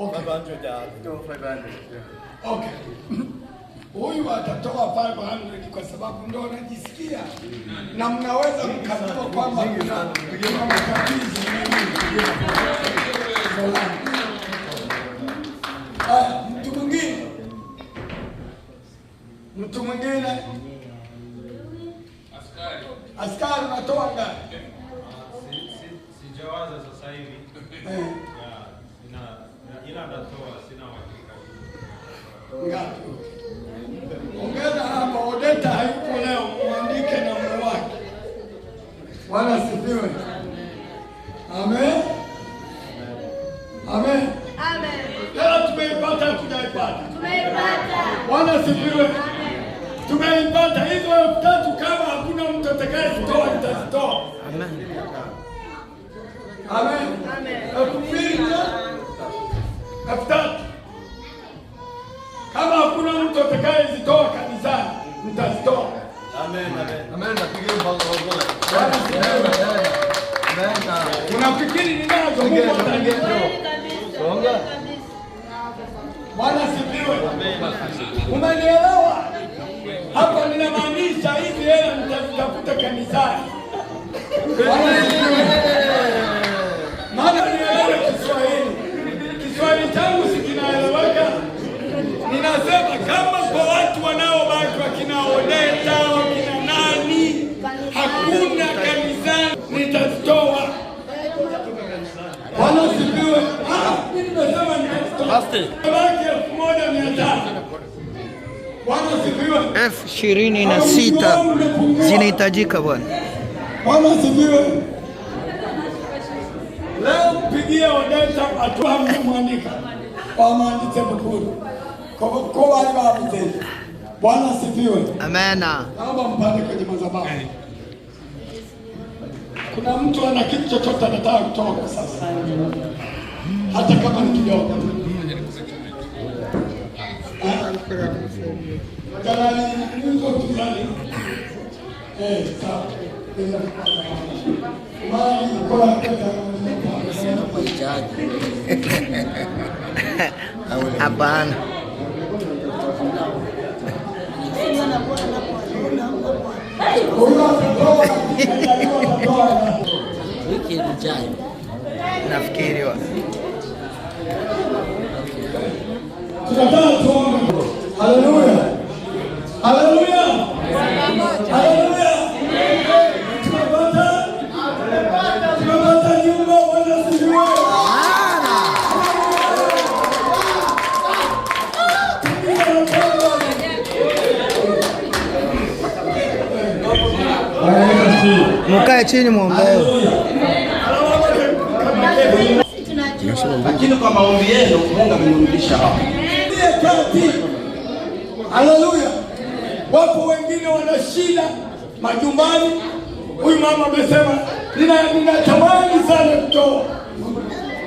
Okay. Huyu atatoa 500 kwa sababu ndio anajisikia mm. na mnaweza mkajua kwamba kuna matatizo mtu mwingine, mtu mwingine, askari, askari unatoa ngapi? Ah, sijawaza sasa hivi. Eh. Ongeza hapa, Odeta hayupo leo, muandike na mume wake. Bwana asifiwe. Amen. Amen. Amen. Hela tumeipata, tunaipata. Tumeipata. Bwana asifiwe. Amen. Tumeipata hizo elfu tatu kama hakuna mtu atakaye kutoa nitazitoa. Amen. Amen. Amen. mtakayezitoa kanisani mtazitoa. Amen, amen, Unafikiri ninazo? Mungu atanipa. Bwana sifiwe. Umenielewa? Hapo ninamaanisha hizi hela mtazitafuta kanisani. kama kwa watu wanaobaki wakina Odeta wakina nani, hakuna kanisani, nitazitoa. Bwana usifiwe. Ah, nimesema nitazitoa elfu moja mia tano. Bwana usifiwe. elfu ishirini na sita zinahitajika bwana. Bwana usifiwe. Leo mpigie Odeta atuamwandika wamwandike mkuu kwa Bwana asifiwe. Naomba mpande kwenye madhabahu. Kuna mtu ana kitu chochote anataka kutoa kwa sasa, hata kama ni kidogo. Jalali Eh, sawa. Mali kwa kwa Hapana. wiki ijayo nafikiriwa Mkae chini muombe. Lakini kwa maombi yenu Mungu amenirudisha hapa. Haleluya. Wapo wengine wana shida majumbani. Huyu mama amesema ninatamani sana kutoa,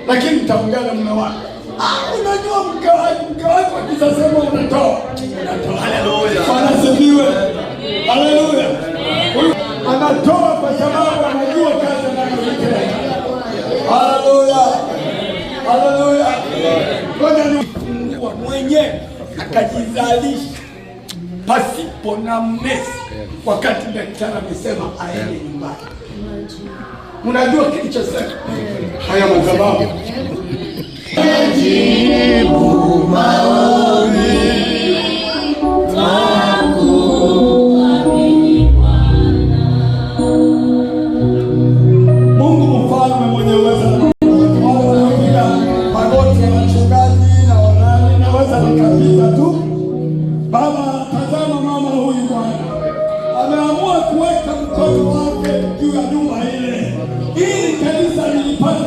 lakini nitaongea na mume wako. Ah, unajua mke wako akisema unatoa. Haleluya. Bwana Haleluya anatoa kwa sababu anajua kazi anayoitenda. Haleluya, haleluya. Ngoja nifungua mwenyewe akajizalisha pasipo na mnesi, wakati daktari amesema aende nyumbani. Unajua kilichosema haya madhabahu kuweka mkono wake juu ya nyumba ile ili kanisa lilipate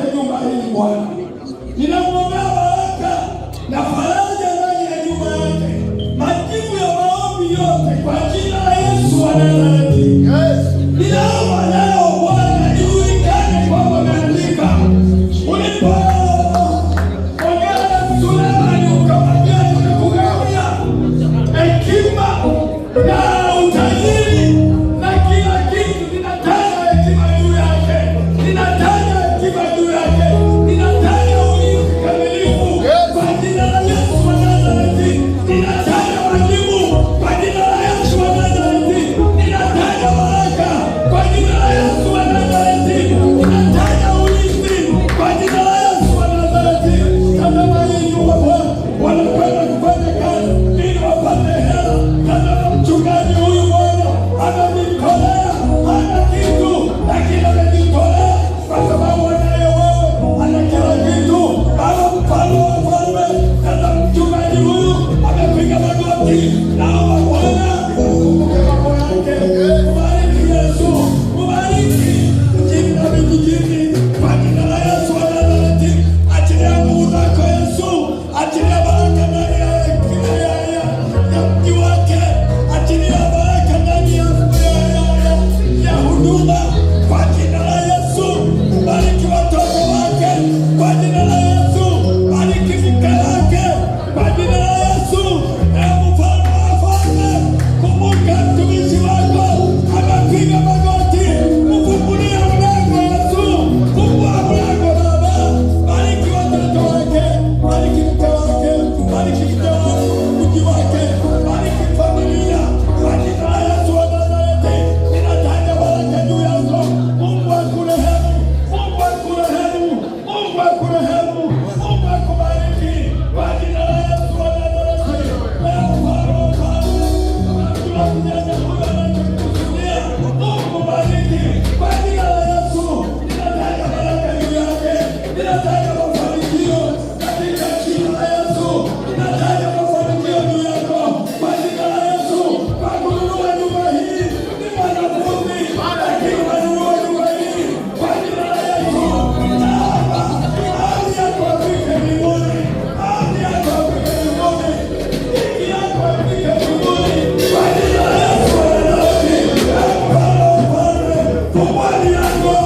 Let's go!